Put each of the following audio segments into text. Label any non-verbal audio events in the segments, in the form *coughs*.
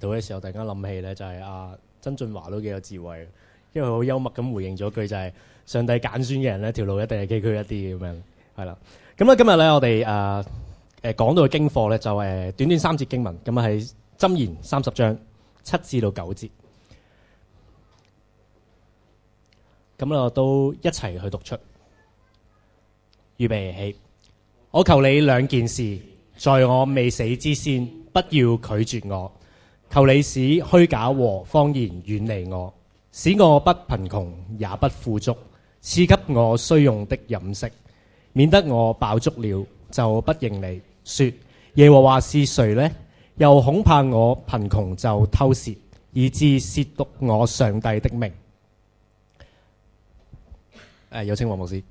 到嘅時候，突然間諗起咧，就係、是、阿、啊、曾俊華都幾有智慧，因為好幽默咁回應咗句就係上帝揀選嘅人咧，條、啊、路一定係崎嶇一啲咁樣，係啦。咁咧今日咧我哋誒誒講到嘅經課咧就誒短短三節經文，咁啊係箴言三十章七至到九節，咁咧我都一齊去讀出，預備起，我求你兩件事，在我未死之先，不要拒絕我。求你使虛假和謊言遠離我，使我不貧窮也不富足，賜給我需用的飲食，免得我飽足了就不認你說，耶和華是誰呢？又恐怕我貧窮就偷竊，以致褻瀆我上帝的名。誒，有請黃牧師。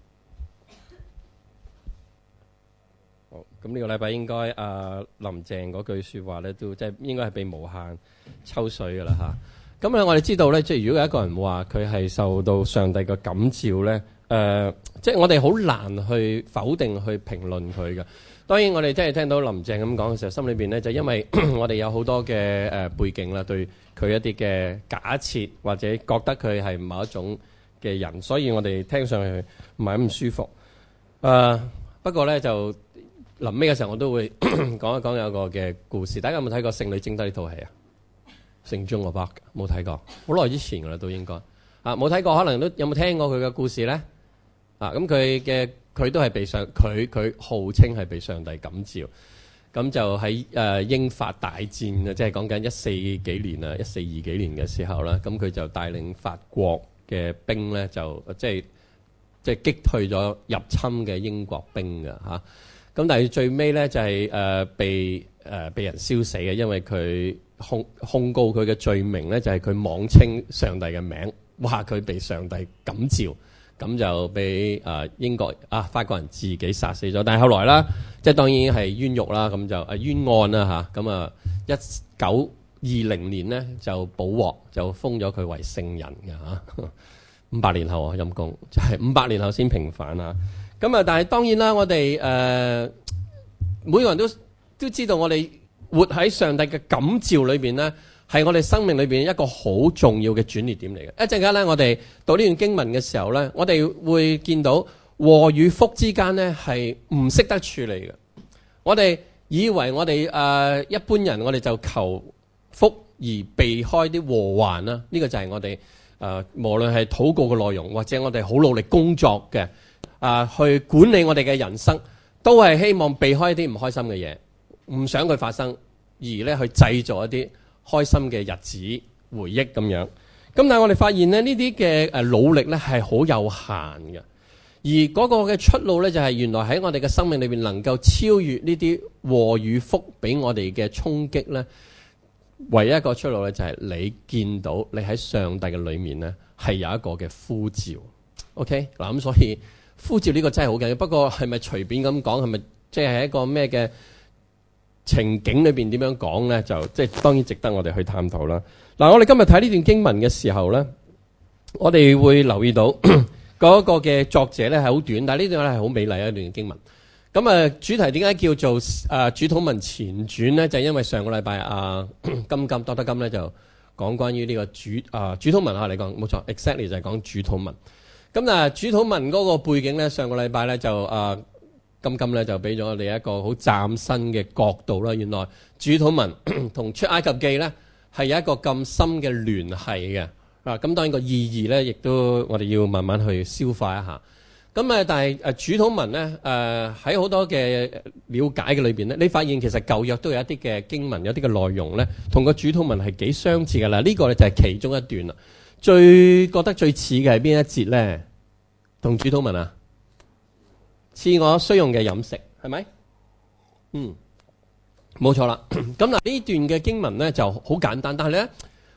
咁呢個禮拜應該阿、啊、林鄭嗰句說話咧，都即係應該係被無限抽水㗎啦吓咁咧，啊、我哋知道咧，即如果有一個人話佢係受到上帝嘅感召咧，誒、呃，即我哋好難去否定去評論佢嘅。當然，我哋真係聽到林鄭咁講嘅時候，心裏面咧就因為咳咳我哋有好多嘅、呃、背景啦，對佢一啲嘅假設或者覺得佢係某一種嘅人，所以我哋聽上去唔係咁舒服。誒、呃，不過咧就。臨尾嘅時候，我都會講 *coughs* 一講有一個嘅故事。大家有冇睇過《聖女貞德》呢套戲啊？聖朱阿巴冇睇過，好耐之前噶啦，都應該啊冇睇過，可能都有冇聽過佢嘅故事咧啊？咁佢嘅佢都係被上佢佢號稱係被上帝感召咁就喺誒、呃、英法大戰啊，即係講緊一四幾年啊，一四二幾年嘅時候啦。咁佢就帶領法國嘅兵咧，就即係即係擊退咗入侵嘅英國兵噶吓。啊咁但係最尾咧就係誒被誒被人燒死嘅，因為佢控控告佢嘅罪名咧就係佢妄稱上帝嘅名，話佢被上帝感召，咁就俾誒英國啊法國人自己殺死咗。但係後來啦，即係當然係冤獄啦，咁就誒冤案啦吓，咁啊，一九二零年呢，就補鑊就封咗佢為聖人嘅吓。五百年後啊陰公，就係五百年後先平反啊！咁啊！但係當然啦，我哋誒、呃、每個人都都知道，我哋活喺上帝嘅感召裏邊咧，係我哋生命裏邊一個好重要嘅轉捩點嚟嘅。一陣間咧，我哋讀呢段經文嘅時候咧，我哋會見到禍與福之間咧係唔識得處理嘅。我哋以為我哋誒、呃、一般人，我哋就求福而避開啲禍患啦。呢、這個就係我哋誒、呃、無論係禱告嘅內容，或者我哋好努力工作嘅。啊，去管理我哋嘅人生，都係希望避開一啲唔開心嘅嘢，唔想佢發生，而呢去製造一啲開心嘅日子回憶咁樣。咁但係我哋發現呢，呢啲嘅誒努力呢係好有限嘅。而嗰個嘅出路呢，就係原來喺我哋嘅生命裏面能夠超越呢啲禍與福俾我哋嘅衝擊呢，唯一一個出路呢，就係你見到你喺上帝嘅裏面呢，係有一個嘅呼召。OK 嗱，啊，咁所以。呼召呢個真係好緊要，不過係咪隨便咁講，係咪即係一個咩嘅情景裏邊點樣講呢？就即係當然值得我哋去探討啦。嗱、啊，我哋今日睇呢段經文嘅時候呢，我哋會留意到嗰個嘅作者呢係好短，但係呢段咧係好美麗嘅一段經文。咁啊主題點解叫做啊主禱文前傳呢？就係、因為上個禮拜阿金金多德，德金呢就講關於呢個主啊主禱文啊嚟講冇錯 exactly 就係講主禱文。咁嗱，但主禱文嗰個背景呢，上個禮拜呢，就、呃、誒，金金呢，就俾咗我哋一個好嶄新嘅角度啦。原來主禱文同 *coughs* 出埃及記呢，係有一個咁深嘅聯繫嘅。咁、啊、當然個意義呢，亦都我哋要慢慢去消化一下。咁啊，但係主禱文呢，誒喺好多嘅了解嘅裏面呢，你發現其實舊約都有一啲嘅經文，有啲嘅內容呢，同個主禱文係幾相似㗎啦。呢、這個呢，就係其中一段啦。最覺得最似嘅係邊一節呢？同主禱文啊，賜我需用嘅飲食係咪？是是，嗯，冇錯啦。咁嗱，呢段嘅經文呢，就好簡單，但係呢，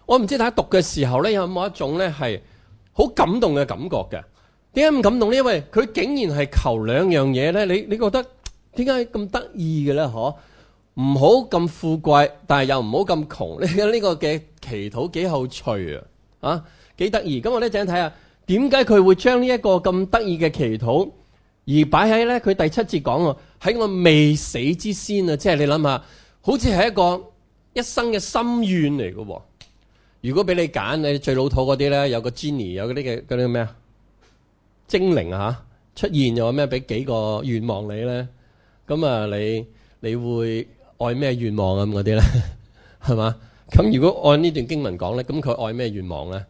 我唔知大家讀嘅時候呢，有冇一種呢係好感動嘅感覺嘅？點解咁感動呢？因為佢竟然係求兩樣嘢呢。你你覺得點解咁得意嘅呢？嗬、啊，唔好咁富貴，但係又唔好咁窮。呢、這、呢個嘅祈禱幾好趣啊！啊，幾得意！咁我呢陣睇下，點解佢會將呢一個咁得意嘅祈禱而擺喺咧佢第七節講喎？喺我未死之先啊，即係你諗下，好似係一個一生嘅心願嚟喎。如果俾你揀，你最老土嗰啲咧，有個 Genie 有嗰啲嘅嗰啲咩啊精靈啊吓出現又有，又話咩俾幾個願望你咧？咁啊，你你會愛咩願望咁嗰啲咧？係 *laughs* 嘛？咁如果按呢段經文講呢，咁佢愛咩願望呢？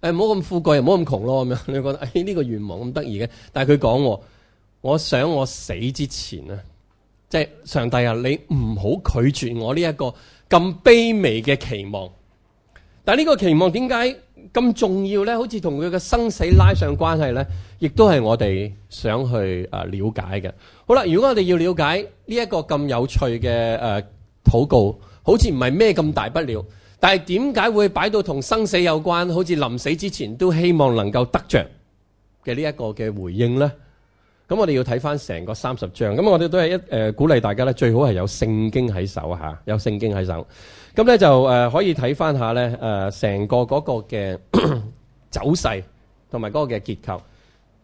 誒，唔好咁富貴，又唔好咁窮咯咁樣。你覺得誒呢個願望咁得意嘅？但係佢講，我想我死之前咧，即係上帝啊，你唔好拒絕我呢一個咁卑微嘅期望。但呢個期望點解咁重要呢？好似同佢嘅生死拉上關係呢，亦都係我哋想去了解嘅。好啦，如果我哋要了解呢一個咁有趣嘅誒禱告。好似唔係咩咁大不了，但係點解會擺到同生死有關？好似臨死之前都希望能夠得着嘅呢一個嘅回應咧？咁我哋要睇翻成個三十章。咁我哋都係一誒鼓勵大家咧，最好係有聖經喺手吓，有聖經喺手。咁咧就誒可以睇翻下咧誒成個嗰個嘅走勢同埋嗰個嘅結構。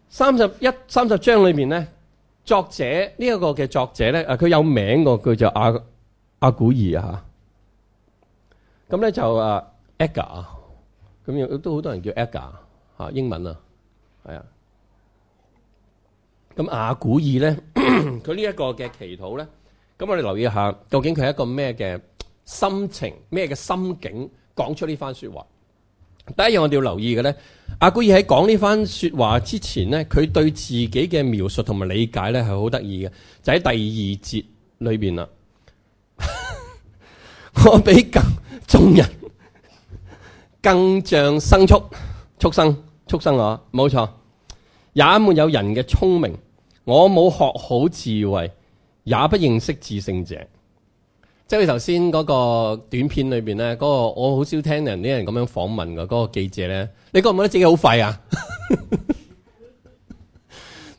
三十一三十章裏面咧，作者呢一個嘅作者咧誒佢有名個，佢叫阿阿古爾啊吓。咁咧就啊，Agur 啊，咁亦都好多人叫 Agur、啊、英文啊，係啊。咁亞古珥咧，佢呢一個嘅祈禱咧，咁我哋留意下，究竟佢係一個咩嘅心情、咩嘅心境，講出呢番説話。第一樣我哋要留意嘅咧，亞古珥喺講呢番説話之前咧，佢對自己嘅描述同埋理解咧係好得意嘅，就喺第二節裏邊啦。 *laughs* 我比較，眾人更像牲畜，畜生，畜生我冇錯，也沒有人嘅聰明，我冇學好智慧，也不認識至聖者。即係你頭先嗰個短片裏邊咧，嗰、嗰個我好少聽人啲人咁樣訪問嘅嗰、嗰個記者咧，你覺唔覺得自己好廢啊？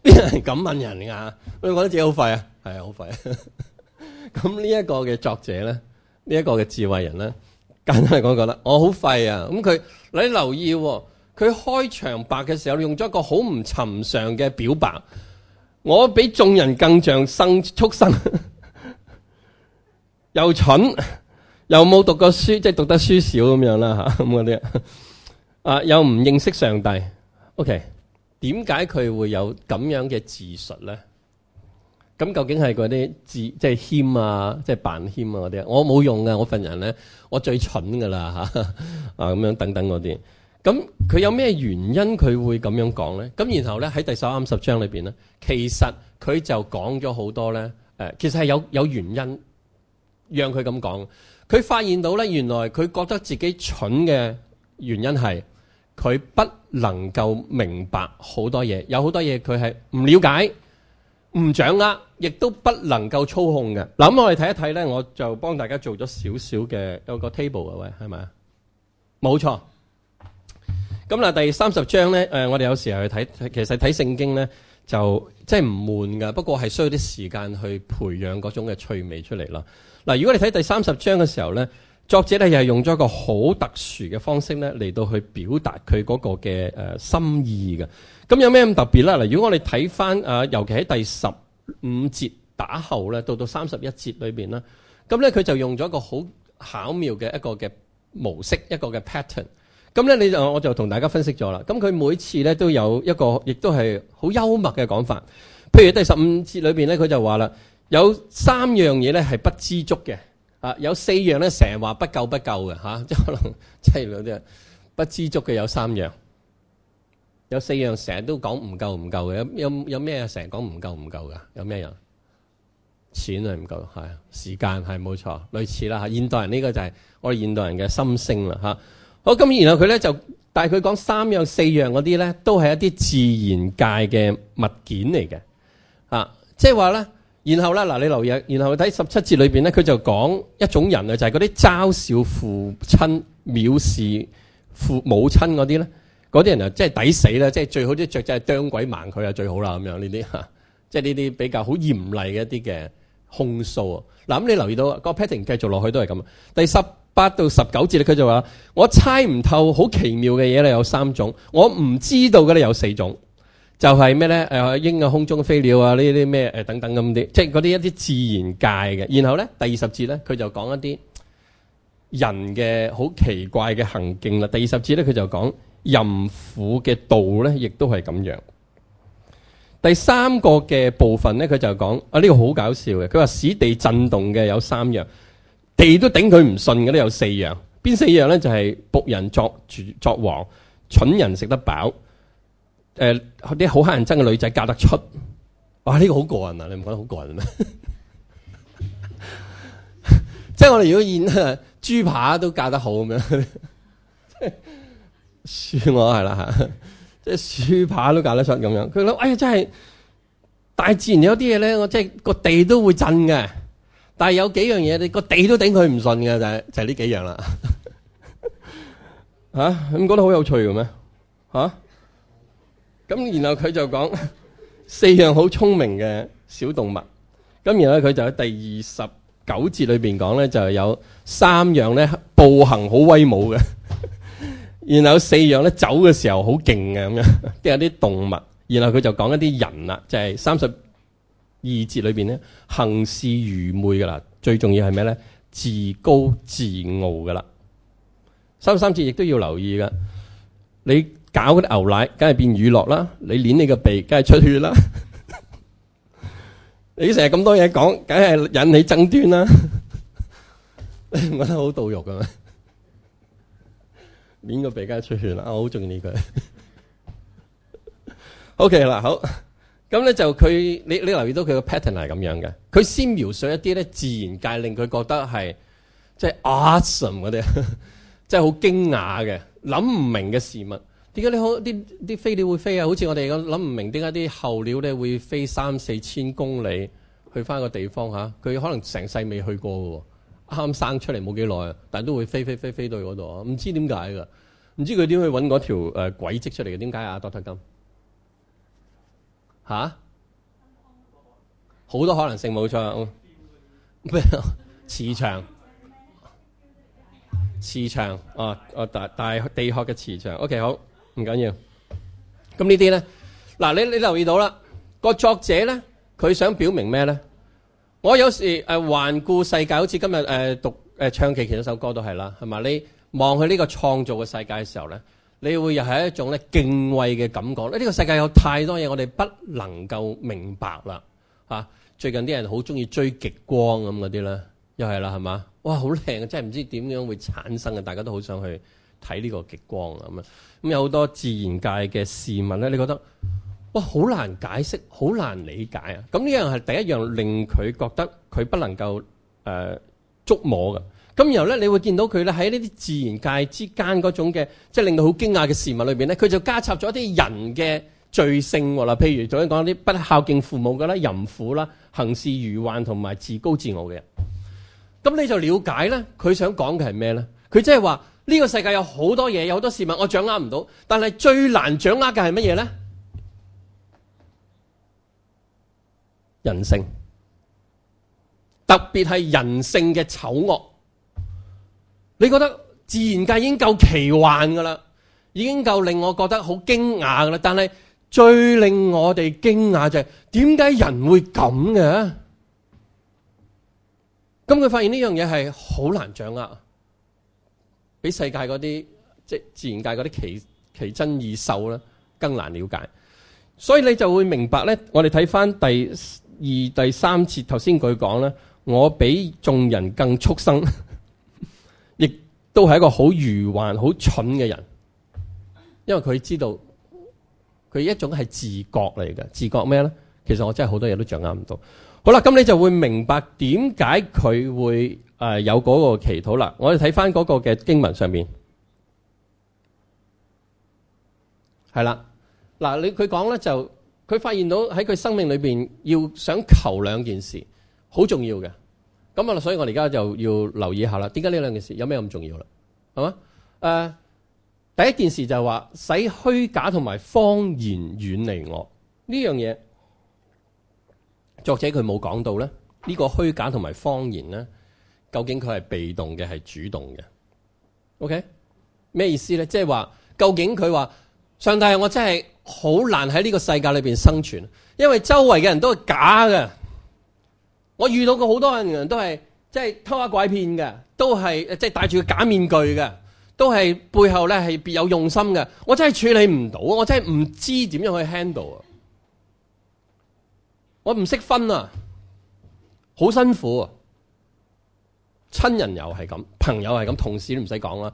啲人咁問人噶，你覺得自己好廢啊？係 *laughs* 啊，好廢、啊。咁呢一個嘅作者咧，呢、呢、一個嘅智慧人咧。簡單嚟講講啦，我好廢啊！咁佢，你留意，哦，佢開場白嘅時候用咗一個好唔尋常嘅表白，我比眾人更像生畜生，又蠢又冇讀過書，即係讀得書少咁樣啦吓，咁啲啊，又唔認識上帝。O K，點解佢會有咁樣嘅自述咧？咁究竟係嗰啲字，即係謙啊，即係扮謙啊嗰啲啊？我冇用噶，我份人咧，我最蠢噶啦啊！咁樣等等嗰啲。咁佢有咩原因佢會咁樣講咧？咁然後咧，喺第十啱十章裏邊咧，其實佢就講咗好多咧。誒，其實係有有原因讓佢咁講。佢發現到咧，原來佢覺得自己蠢嘅原因係佢不能夠明白好多嘢，有好多嘢佢係唔了解，唔掌握，亦都不能夠操控嘅。嗱，咁我哋睇一睇咧，我就幫大家做咗少少嘅有個 table 嘅係係咪啊？冇錯。咁啦，第三十章咧，誒，我哋有時候去睇，其實睇聖經咧就即係唔悶噶，不過係需要啲時間去培養嗰種嘅趣味出嚟啦。嗱，如果你睇第三十章嘅時候咧。作者咧又係用咗一個好特殊嘅方式咧嚟到去表達佢嗰個嘅誒、呃、心意嘅。咁有咩咁特別啦。嗱，如果我哋睇返啊，尤其喺第十五節打後咧，到到三十一節裏面，啦，咁咧佢就用咗一個好巧妙嘅一個嘅模式，一個嘅 pattern。咁咧你就我就同大家分析咗啦。咁佢每次咧都有一個，亦都係好幽默嘅講法。譬如喺第十五節裏面咧，佢就話啦，有三樣嘢咧係不知足嘅。啊！有四樣咧，成日話不夠不夠嘅吓，即係可能即係嗰啲不知足嘅有三樣，有四樣成日都講唔夠唔夠嘅，有有有咩成日講唔夠唔夠噶？有咩人？錢係唔夠係，時間係冇錯，類似啦吓。現代人呢個就係我哋現代人嘅心聲啦吓。好，咁然後佢咧就，但係佢講三樣四樣嗰啲咧，都係一啲自然界嘅物件嚟嘅，啊，即係話咧。然後咧嗱，你留意，然後睇十七節裏邊咧，佢就講一種人啊，就係嗰啲嘲笑父親、藐視父母親嗰啲咧，嗰啲人是抵死是些啊，即係抵死啦，即係最好啲雀仔係啄鬼盲，佢啊，最好啦咁樣呢啲吓，即係呢啲比較好嚴厲嘅一啲嘅控訴啊。嗱，咁你留意到，個 pattern 繼續落去都係咁啊。第十八到十九節咧，佢就話：我猜唔透好奇妙嘅嘢咧有三種，我唔知道嘅咧有四種。就係咩咧？誒、啊，鷹啊，空中飛鳥啊，呢啲咩誒，等等咁啲，即係嗰啲一啲自然界嘅。然後咧，第二十節咧，佢就講一啲人嘅好奇怪嘅行徑啦。第二十節咧，佢就講淫婦嘅道咧，亦都係咁樣。第三個嘅部分咧，佢就講啊，呢、這個好搞笑嘅。佢話使地震動嘅有三樣，地都頂佢唔順嘅都有四樣。邊四樣咧？就係、是、僕人作主作王，蠢人食得飽。誒啲好乞人憎嘅女仔嫁得出，哇！呢、這個好過癮啊，你唔覺得好過癮咩？ *laughs* 即係我哋如果演豬扒都嫁得好咁樣，算我係啦吓！即係豬扒都嫁得出咁樣，佢諗，哎呀，真係大自然有啲嘢咧，我即係個地都會震嘅，但係有幾樣嘢你個地都頂佢唔順嘅就係、是、就係、是、呢幾樣啦吓、 *laughs* 吓、你唔覺得好有趣嘅咩？吓咁然後佢就講四樣好聰明嘅小動物，咁然後咧佢就喺第二十九節裏面講咧，就有三樣咧步行好威武嘅，然後四樣咧走嘅時候好勁嘅咁樣，即係啲動物。然後佢就講一啲人啦，就係三十二節裏面咧行事愚昧㗎啦，最重要係咩咧？自高自傲㗎啦，三十三節亦都要留意㗎。你。搞啲牛奶，梗係變乳酪啦。你捻你個鼻，梗係出血啦。 *laughs* 你成日咁多嘢講，梗係引起爭端啦。 *laughs* 你覺得好墮肉嘅咩？捻 *laughs* 個鼻梗係出血啦。我、啊 *laughs* okay，好中意呢句。OK 嗱，好咁咧就佢你你留意到佢個 pattern 係咁樣嘅。佢先描述一啲咧自然界令佢覺得係即係 awesome 嗰啲，即係好驚訝嘅諗唔明嘅事物。點解你好啲啲飛鳥會飛啊？好似我哋咁諗唔明，點解啲候鳥咧會飛三四千公里去翻個地方嚇？佢、啊、可能成世未去過嘅喎，啱生出嚟冇幾耐，但都會飛飛飛飛到嗰度，唔知點解㗎？唔知佢點去揾嗰條誒軌跡出嚟嘅？點解啊，多特金吓好多可能性冇錯，嗯、 *laughs* 磁場、磁場啊啊！大大地殼嘅磁場。OK，好。唔緊要，咁呢啲呢？嗱你你留意到啦，個作者呢，佢想表明咩呢？我有時誒環顧世界，好似今日誒、呃、讀誒、呃、唱其其一首歌都係啦，係嘛？你望佢呢個創造嘅世界嘅時候呢，你會又係一種咧敬畏嘅感覺。呢、呢個世界有太多嘢，我哋不能夠明白啦、啊，最近啲人好中意追極光咁嗰啲啦又係啦，係嘛？哇，好靚啊！真係唔知點樣會產生嘅，大家都好想去。睇呢個極光咁啊，咁有好多自然界嘅事物咧，你覺得哇，好難解釋，好難理解啊！咁呢樣係第一樣令佢覺得佢不能夠誒、呃、觸摸嘅。咁然後咧，你會見到佢咧喺呢啲自然界之間嗰種嘅，即、就、係、是、令到好驚訝嘅事物裏邊咧，佢就加插咗一啲人嘅罪性啦。譬如，頭先講啲不孝敬父母嘅啦、淫婦啦、行事愚頑同埋自高自傲嘅人。咁你就了解咧，佢想講嘅係咩咧？佢即係話。呢個世界有好多嘢，有好多事物我掌握唔到，但係最難掌握嘅係乜嘢呢？人性，特別係人性嘅醜惡。你覺得自然界已經夠奇幻噶啦，已經夠令我覺得好驚訝噶啦。但係最令我哋驚訝就係、是，點解人會咁嘅？咁佢發現呢樣嘢係好難掌握。比世界嗰啲即自然界嗰啲奇奇珍異獸咧，更難了解，所以你就會明白咧。我哋睇翻第二、第三節，頭先佢講咧，我比眾人更畜生，亦都係一個好愚頑好蠢嘅人，因為佢知道佢一種係自覺嚟嘅，自覺咩咧？其實我真係好多嘢都掌握唔到。好啦，咁你就會明白點解佢會。誒、呃，有嗰個祈禱啦，我哋睇返嗰個嘅經文上面，係啦，嗱你佢講咧就，佢發現到喺佢生命裏邊要想求兩件事，好重要嘅，咁啊，所以我哋而家就要留意下啦，點解呢兩件事有咩咁重要啦，係嘛？誒、呃，第一件事就係話使虛假同埋謊言遠離我呢樣嘢，作者佢冇講到咧，這個、虛呢個虛假同埋謊言咧。究竟佢係被動嘅，係主動嘅？OK，咩意思呢？即係話，究竟佢話上帝，我真係好難喺呢個世界裏邊生存，因為周圍嘅人都係假嘅。我遇到過好多人都係即係偷下拐騙嘅，都係即係戴住個假面具嘅，都係背後呢係別有用心嘅。我真係處理唔到，我真係唔知點樣去 handle 啊！我唔識分啊，好辛苦啊。親人又係咁，朋友係咁，同事都唔使講啦。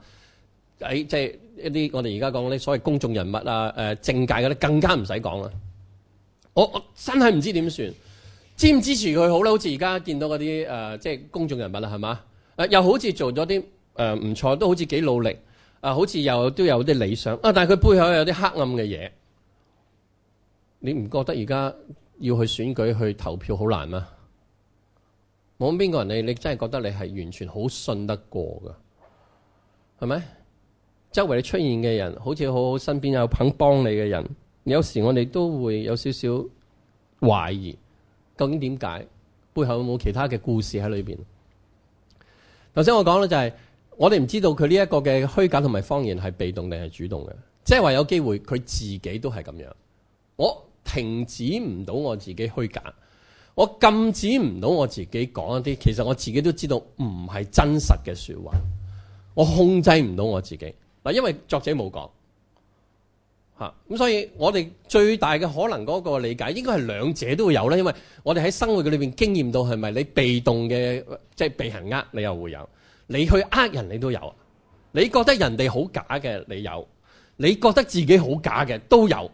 誒即係一啲我哋而家講啲所謂公眾人物啊，誒、呃、政界嗰啲更加唔使講啦。我我真係唔知點算，支唔支持佢好咧？好似而家見到嗰啲誒即係公眾人物啦，係嘛？誒、呃、又好似做咗啲誒唔錯，都好似幾努力，啊、呃、好似又都有啲理想啊，但係佢背後有啲黑暗嘅嘢。你唔覺得而家要去選舉去投票好難嗎？我邊個人你你真係覺得你係完全好信得過噶係咪？周圍你出現嘅人，好似好好身邊有肯幫你嘅人，有時我哋都會有少少懷疑，究竟點解背後有冇其他嘅故事喺裏邊？頭先我講咧就係、是，我哋唔知道佢呢一個嘅虛假同埋謊言係被動定係主動嘅，即係話有機會佢自己都係咁樣，我停止唔到我自己虛假。我禁止唔到我自己講一啲，其實我自己都知道唔係真實嘅說話，我控制唔到我自己嗱，因為作者冇講吓，咁所以我哋最大嘅可能嗰個理解，應該係兩者都會有啦。因為我哋喺生活嘅裏邊經驗到，係咪你被動嘅，即係被人呃你又會有，你去呃人你都有，你覺得人哋好假嘅你有，你覺得自己好假嘅都有。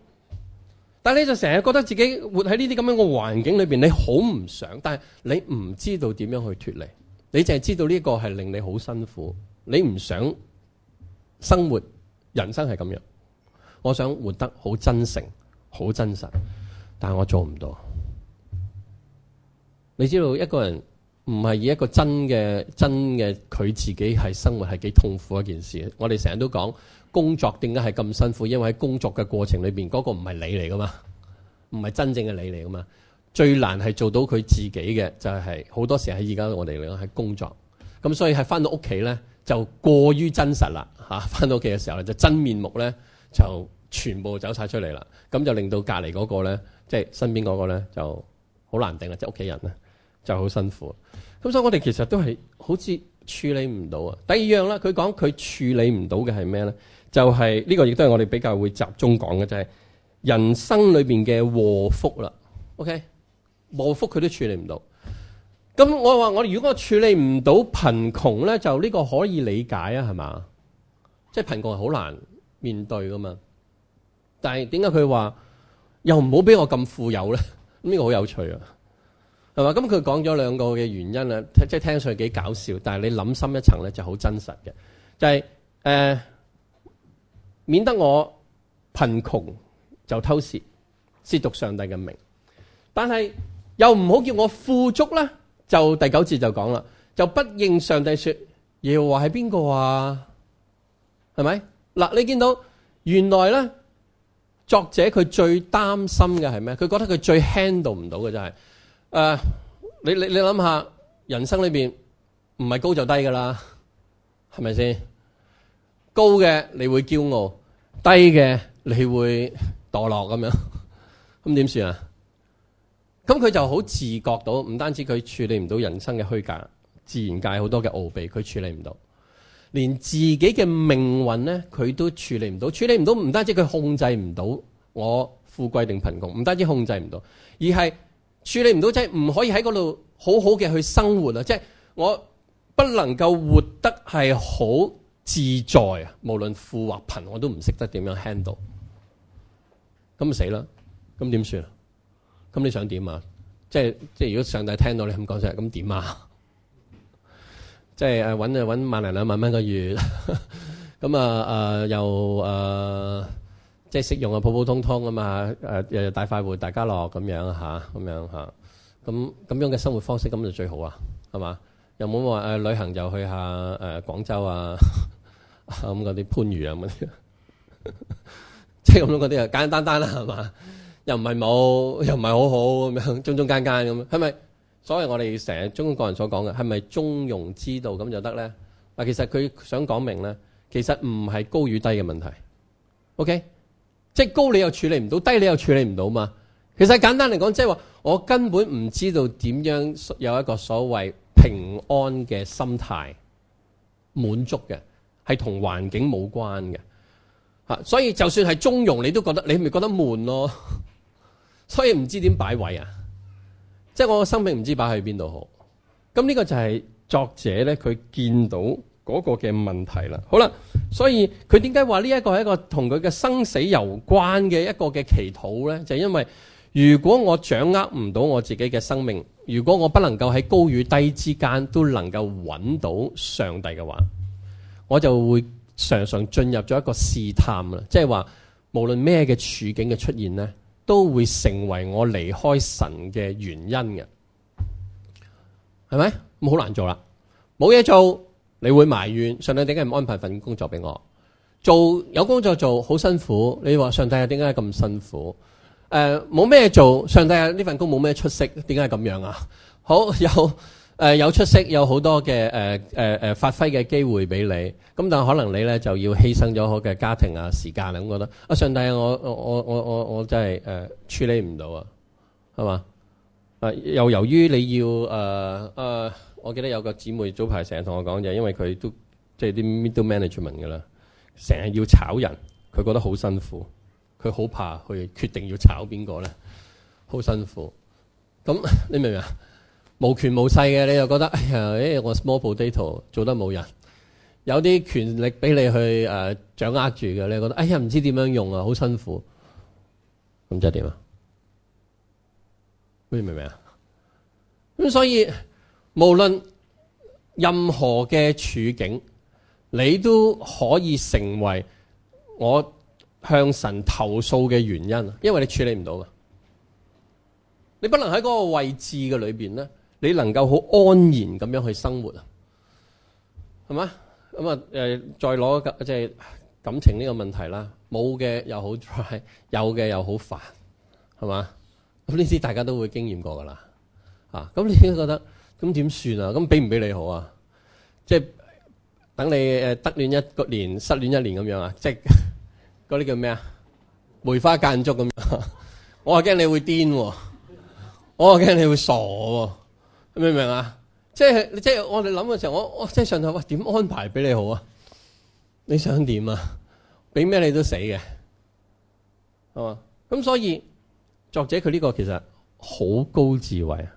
但係你就成日覺得自己活喺呢啲咁樣嘅環境裏面，你好唔想，但係你唔知道點樣去脫離，你淨係知道呢個係令你好辛苦，你唔想生活人生係咁樣。我想活得好真誠、好真實，但我做唔到。你知道一個人唔係以一個真嘅、真嘅佢自己係生活係幾痛苦一件事。我哋成日都講。工作點解係咁辛苦？因為喺工作嘅過程裏面，嗰個唔係你嚟噶嘛，唔係真正嘅你嚟噶嘛。最難係做到佢自己嘅，就係好多時喺依家我哋嚟講係工作，咁所以係翻到屋企呢，就過於真實啦嚇。翻到屋企嘅時候咧，就真面目呢，就全部走晒出嚟啦。咁就令到隔離嗰個呢，即係身邊嗰個呢，就好難定啦，即係屋企人呢，就好辛苦。咁所以我哋其實都係好似處理唔到啊。第二樣呢，佢講佢處理唔到嘅係咩呢？就係呢個，亦都係我哋比較會集中講嘅，就係人生裏面嘅禍福啦。OK，禍福佢都處理唔到。咁我話我如果處理唔到貧窮咧，就呢個可以理解啊，係嘛？即係貧窮係好難面對噶嘛。但係點解佢話又唔好俾我咁富有咧？咁 *laughs* 呢個好有趣啊，係嘛？咁佢講咗兩個嘅原因啦，即係聽上去幾搞笑，但係你諗深一層咧，就好真實嘅，就係誒。免得我貧窮就偷竊，褻瀆上帝嘅名，但係又唔好叫我富足啦。就第九節就講啦，就不認上帝說：耶和華係邊個啊？係咪？嗱，你見到原來咧，作者佢最擔心嘅係咩？佢覺得佢最 handle 唔到嘅就係，誒、呃，你你你諗下，人生裏邊唔係高就低噶啦，係咪先？高嘅你會驕傲。低嘅，你會墮落咁樣，咁點算啊？咁佢就好自覺到，唔單止佢處理唔到人生嘅虛假、自然界好多嘅奧秘，佢處理唔到，連自己嘅命運呢，佢都處理唔到。處理唔到唔單止佢控制唔到我富貴定貧窮，唔單止控制唔到，而係處理唔到，即係唔可以喺嗰度好好嘅去生活啊！即係我不能夠活得係好。自在啊，無論富或貧，我都唔識得點樣 handle。咁死啦，咁點算啊？咁你想點啊？即係即係，如果上帝聽到你咁講嘅，咁點啊，啊，啊，啊？即係誒，搵啊搵萬零兩萬蚊個月，咁啊又誒，即係食用啊普普通通啊嘛，誒、啊、日日大快活大家樂咁樣吓，咁、啊、樣吓，咁、啊、咁樣嘅生活方式咁就最好是吧啊，係嘛？又冇話誒旅行又去下誒廣、啊、州啊。呵呵。咁嗰啲貧富啊，咁啲，即係咁樣嗰啲啊，簡 *laughs* 簡單單啦，係嘛？又唔係冇，又唔係好好咁樣， *laughs* 中中間間咁樣，係咪？所謂我哋成日中國人所講嘅，係咪中庸之道咁就得咧？嗱，其實佢想講明咧，其實唔係高與低嘅問題。OK，即係高你又處理唔到，低你又處理唔到嘛。其實簡單嚟講，即係話我根本唔知道點樣有一個所謂平安嘅心態，滿足嘅。係同環境冇關嘅，吓，所以就算係中庸，你都覺得你係咪覺得悶咯， *laughs* 所以唔知點擺位啊！即、就、係、是、我個生命唔知擺喺邊度好。咁呢個就係作者呢，佢見到嗰個嘅問題啦。好啦，所以佢點解話呢一個係一個同佢嘅生死有關嘅一個嘅祈禱呢？就是、因為如果我掌握唔到我自己嘅生命，如果我不能夠喺高與低之間都能夠搵到上帝嘅話。我就會常常進入咗一個試探啦，即係話無論咩嘅處境嘅出現呢，都會成為我離開神嘅原因嘅，係咪？咁好難做啦，冇嘢做，你會埋怨上帝點解唔安排份工作俾我？做有工作做好辛苦，你話上帝啊，點解咁辛苦？誒、呃，冇咩做，上帝啊，呢份工冇咩出息，點解咁樣啊？好，有。誒、呃、有出息，有好多嘅誒誒誒發揮嘅機會俾你，咁但係可能你咧就要犧牲咗我嘅家庭啊時間啦、啊，咁覺得啊上帝，我我我我我我真係誒、呃、處理唔到啊，係嘛？啊、呃、又由於你要誒誒、呃呃，我記得有個姊妹早排成日同我講，就因為佢都即係啲 middle management 噶啦，成日要炒人，佢覺得好辛苦，佢好怕去決定要炒邊個咧，好辛苦。咁你明唔明啊？無權無勢嘅，你就覺得哎呀，誒，我 small potato 做得冇人；有啲權力俾你去誒、呃、掌握住嘅，你覺得哎呀，唔知點樣用啊，好辛苦。咁即係點啊？明唔明啊？咁所以無論任何嘅處境，你都可以成為我向神投訴嘅原因，因為你處理唔到噶。你不能喺嗰個位置嘅裏邊咧。你能夠好安然咁樣去生活啊，係嘛？咁、嗯、啊，再攞即係感情呢個問題啦，冇嘅又好 try，有嘅又好煩，係嘛？咁呢啲大家都會經驗過噶啦，啊咁你點覺得？咁點算啊？咁俾唔俾你好啊？即、就、係、是、等你得戀一年，失戀一年咁樣啊？即係嗰啲叫咩啊？梅花間竹咁，我話驚你會癲喎，我話驚你，你會傻喎。明唔明啊？即係，即係我哋諗嘅時候，我我即係上頭喂，點安排俾你好啊？你想點啊？俾咩你都死嘅，係嘛？咁所以作者佢呢個其實好高智慧啊！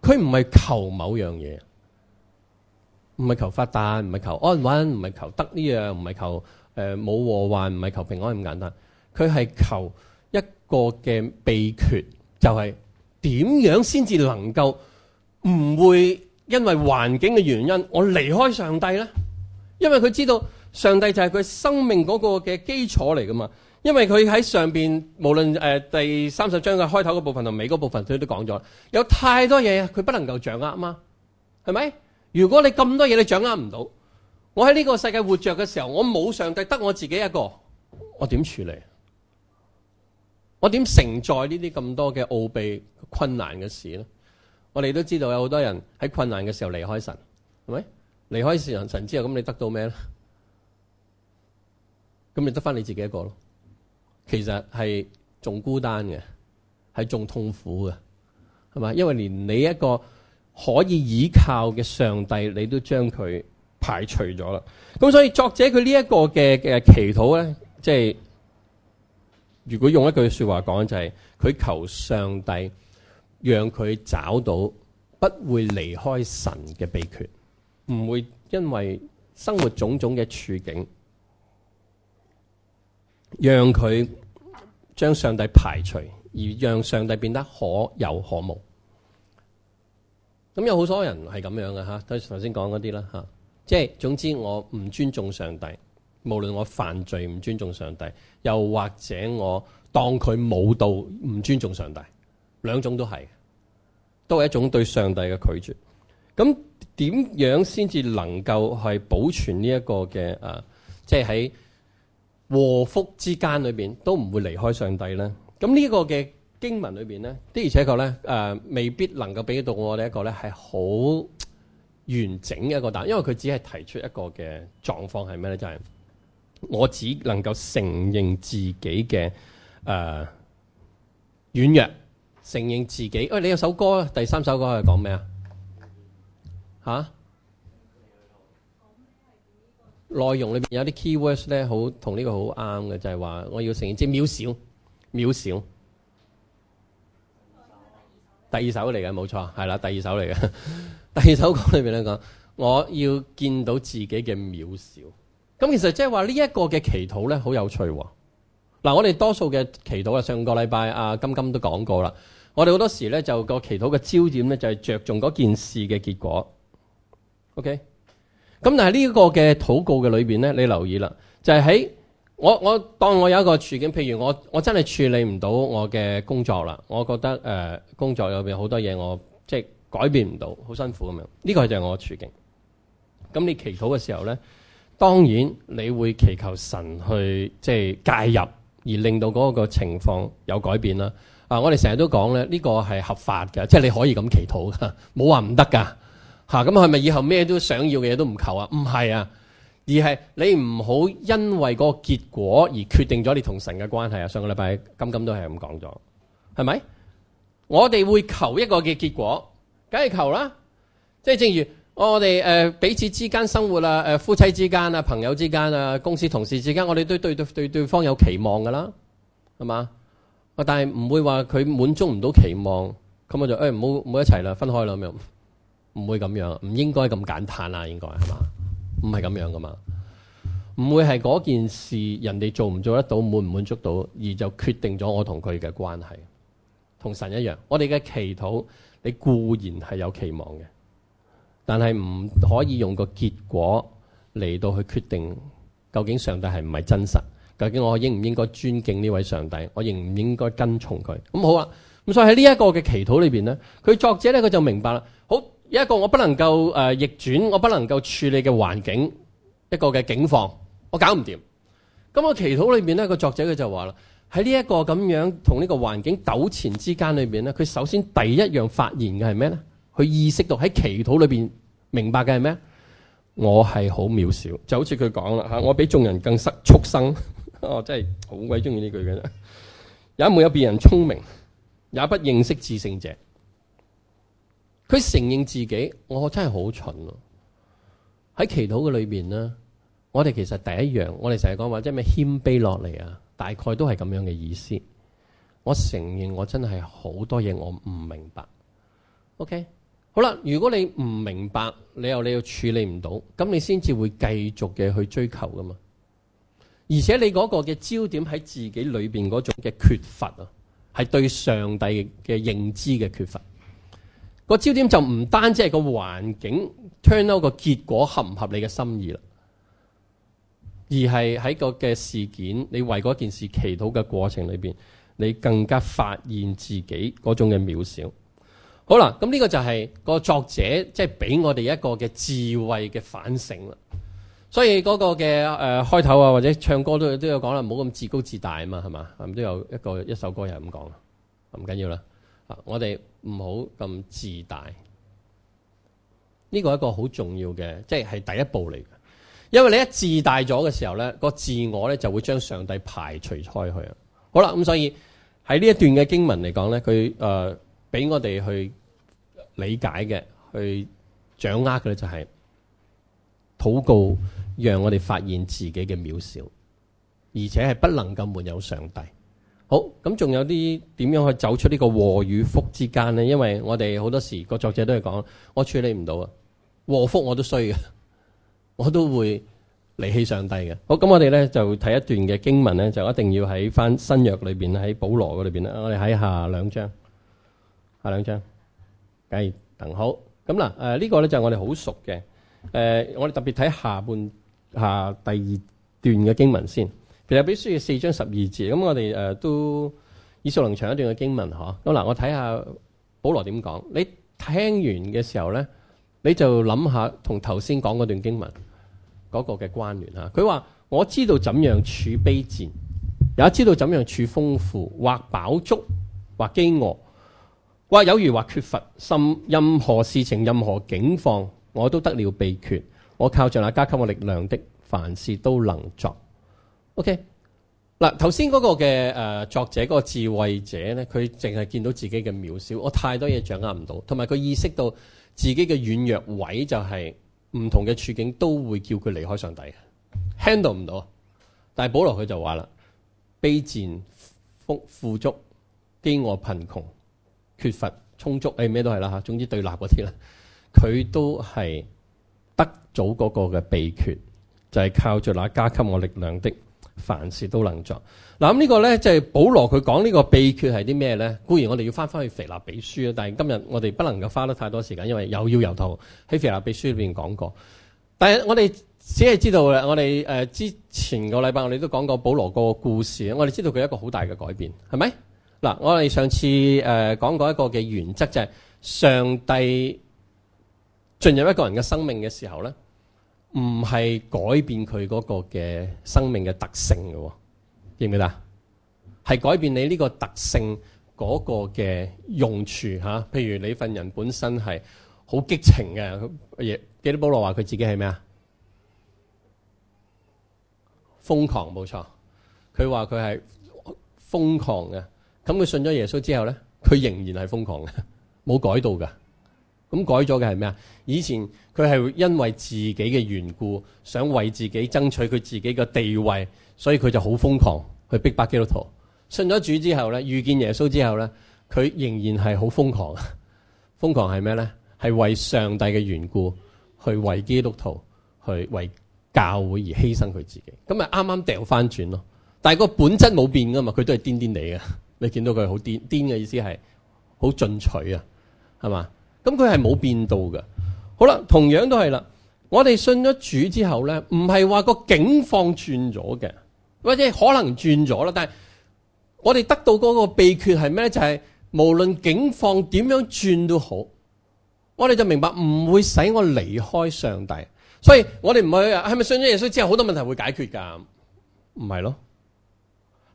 佢唔係求某樣嘢，唔係求發達，唔係求安穩，唔係求得呢樣，唔係求誒冇禍患，唔係求平安咁簡單。佢係求一個嘅秘訣，就係。點樣先至能夠唔會因為環境嘅原因我離開上帝呢？因為佢知道上帝就係佢生命嗰個嘅基礎嚟噶嘛。因為佢喺上邊無論誒、呃、第三十章嘅開頭嗰部分同尾嗰部分，佢都講咗，有太多嘢佢不能夠掌握啊嘛。係咪？如果你咁多嘢你掌握唔到，我喺呢個世界活着嘅時候，我冇上帝，得我自己一個，我點處理？我點承載呢啲咁多嘅奧秘？困難嘅事咧，我哋都知道有好多人喺困難嘅時候離開神，係咪？離開神神之後，咁你得到咩咧？咁你得翻你自己一個咯，其實係仲孤單嘅，係仲痛苦嘅，係嘛？因為連你一個可以倚靠嘅上帝，你都將佢排除咗啦。咁所以作者佢呢一個嘅嘅祈禱咧，即係如果用一句說話講就係，佢求上帝。讓佢找到不會離開神嘅秘訣，唔會因為生活種種嘅處境，讓佢將上帝排除，而讓上帝變得可有可無。咁有好多人係咁樣嘅吓，都頭先講嗰啲啦吓，即係總之我唔尊重上帝，無論我犯罪唔尊重上帝，又或者我當佢冇到唔尊重上帝，兩種都係。都係一種對上帝嘅拒絕。咁點樣先至能夠係保存呢一個嘅啊？即係喺禍福之間裏邊都唔會離開上帝呢？咁呢個嘅經文裏邊呢，的而且確咧誒，未必能夠俾到我哋、這、一個咧係好完整嘅一個答案，因為佢只係提出一個嘅狀況係咩咧？就係、是、我只能夠承認自己嘅誒、啊、軟弱。承認自己，喂、哎，你有首歌，第三首歌係講咩啊？嚇，內容裏邊有啲 key words 咧，好同呢個好啱嘅，就係、是、話我要承認即渺小，渺小。第二首嚟嘅冇錯，係啦，第二首嚟嘅。 *laughs* 第二首歌裏邊咧講，我要見到自己嘅渺小。咁其實即係話呢一個嘅祈禱咧，好有趣喎、啊。嗱、啊，我哋多數嘅祈禱啊，上個禮拜阿金金都講過啦。我哋好多時咧，就個祈禱嘅焦點咧就係着重嗰件事嘅結果，OK？咁但係呢個嘅禱告嘅裏邊咧，你留意啦，就係喺我我當我有一個處境，譬如我我真係處理唔到我嘅工作啦，我覺得誒工作有邊好多嘢，我即係改變唔到，好辛苦咁樣。呢個就係我嘅處境。咁你祈禱嘅時候咧，當然你會祈求神去即係介入，而令到嗰個情況有改變啦。啊！我哋成日都講咧，呢個係合法嘅，即係你可以咁祈禱嘅，冇話唔得噶吓。咁係咪以後咩都想要嘅嘢都唔求啊？唔係啊，而係你唔好因為嗰個結果而決定咗你同神嘅關係啊。上個禮拜金金都係咁講咗，係咪？我哋會求一個嘅結果，梗係求啦。即係正如我哋誒彼此之間生活啊，誒夫妻之間啊，朋友之間啊，公司同事之間，我哋都對對對對對方有期望噶啦，係嘛？但係唔會話佢滿足唔到期望，咁我就誒唔好，唔好一齊啦，分開啦咁樣，唔會咁樣，唔應該咁簡單啦，應該係嘛？唔係咁樣噶嘛，唔會係嗰件事人哋做唔做得到滿唔滿足到，而就決定咗我同佢嘅關係，同神一樣。我哋嘅祈禱，你固然係有期望嘅，但係唔可以用個結果嚟到去決定究竟上帝係唔係真實。究竟我應唔應該尊敬呢位上帝？我應唔應該跟從佢？咁好啦，咁所以喺呢一個嘅祈禱裏面，咧，佢作者咧佢就明白啦。好一個我不能夠誒逆轉，我不能夠處理嘅環境一個嘅境況，我搞唔掂。咁我祈禱裏面咧，個作者佢就話啦：喺呢一個咁樣同呢個環境糾纏之間裏面，咧，佢首先第一樣發現嘅係咩咧？佢意識到喺祈禱裏面明白嘅係咩？我係好渺小，就好似佢講啦嚇，我比眾人更失畜生。我、哦、真係好鬼中意呢句嘅，有冇有別人聰明，也不認識至聖者。佢承認自己，我真係好蠢喎。喺祈禱嘅裏邊呢我哋其實第一樣，我哋成日講話即係咩謙卑落嚟啊，大概都係咁樣嘅意思。我承認我真係好多嘢我唔明白。OK，好啦，如果你唔明白，你又你要處理唔到，咁你先至會繼續嘅去追求噶嘛。而且你嗰個嘅焦點喺自己裏邊嗰種嘅缺乏啊，係對上帝嘅認知嘅缺乏。個焦點就唔單止係個環境 turn out 個結果合唔合你嘅心意啦，而係喺個嘅事件，你為嗰件事祈禱嘅過程裏邊，你更加發現自己嗰種嘅渺小。好啦，咁呢個就係個作者即係俾我哋一個嘅智慧嘅反省啦。所以嗰個嘅，誒、呃、開頭啊，或者唱歌都都有講啦，唔好咁自高自大啊嘛，係嘛，咁都有一個一首歌係咁講啦，唔緊要啦，我哋唔好咁自大，呢個係一個好重要嘅，即係係第一步嚟嘅。因為你一自大咗嘅時候咧，個自我咧就會將上帝排除開去啊。好啦，咁所以喺呢一段嘅經文嚟講咧，佢誒俾我哋去理解嘅，去掌握嘅就係。禱告讓我哋發現自己嘅渺小，而且係不能夠沒有上帝。好，咁仲有啲點樣去走出呢個禍與福之間呢？因為我哋好多時個作者都係講，我處理唔到啊，禍福我都衰嘅，我都會離棄上帝嘅。好，咁我哋咧就睇一段嘅經文咧，就一定要喺返新約裏邊喺保羅嗰裏邊啦。我哋喺下兩章，下兩章，計鄧好。咁嗱，誒呢個咧就係我哋好熟嘅。誒、呃，我哋特別睇下半下第二段嘅經文先，其實必書要四章十二節，咁、嗯、我哋誒、呃、都耳熟能詳一段嘅經文呵。咁嗱、嗯，我睇下保羅點講。你聽完嘅時候咧，你就諗下同頭先講嗰段經文嗰、那個嘅關聯啊。佢話，我知道怎樣處卑賤，也知道怎樣處豐富，或飽足，或飢餓，或有餘或缺乏，甚任何事情，任何境況，我都得了秘訣，我靠著那加給我力量的，凡事都能作。OK，嗱頭先嗰個嘅誒、呃、作者嗰、那個智慧者咧，佢淨係見到自己嘅渺小，我太多嘢掌握唔到，同埋佢意識到自己嘅軟弱位，就是，就係唔同嘅處境都會叫佢離開上帝 *music* ，handle 唔到。但係保羅佢就話啦：卑賤、富足、飢餓、貧窮、缺乏、充足，誒、哎、咩都係啦嚇，總之對立嗰啲啦。佢都係得早嗰個嘅秘訣，就係靠住那加給我力量的，凡事都能做。嗱。咁呢個呢，就係保羅佢講呢個秘訣係啲咩呢？固然我哋要翻翻去腓立比書啊，但係今日我哋不能夠花得太多時間，因為又要由頭喺腓立比書裏邊講過。但係我哋只係知道啦。我哋誒之前個禮拜我哋都講過保羅個故事啊，我哋知道佢一個好大嘅改變係咪嗱？我哋上次誒講過一個嘅原則就係上帝。進入一個人嘅生命嘅時候咧，唔係改變佢嗰個嘅生命嘅特性嘅，記唔記得啊？係改變你呢個特性嗰個嘅用處吓。譬如你份人本身係好激情嘅，耶。記得保羅話佢自己係咩啊？瘋狂，冇錯。佢話佢係瘋狂嘅。咁佢信咗耶穌之後咧，佢仍然係瘋狂嘅，冇改到噶。咁改咗嘅係咩啊？以前佢係因為自己嘅緣故，想為自己爭取佢自己嘅地位，所以佢就好瘋狂去逼迫基督徒。信咗主之後咧，遇見耶穌之後咧，佢仍然係好瘋狂啊！瘋狂係咩咧？係為上帝嘅緣故，去為基督徒，去為教會而犧牲佢自己。咁咪啱啱掉翻轉咯。但係個本質冇變噶嘛，佢都係癲癲哋嘅。你見到佢好癲癲嘅意思係好進取啊，係嘛？咁佢係冇變到嘅。好啦，同樣都係啦。我哋信咗主之後咧，唔係話個境況轉咗嘅，或者可能轉咗啦。但係我哋得到嗰個秘訣係咩咧？就係無論境況點樣轉都好，我哋就明白唔會使我離開上帝。所以我哋唔係係咪信咗耶穌之後好多問題會解決㗎？唔係咯，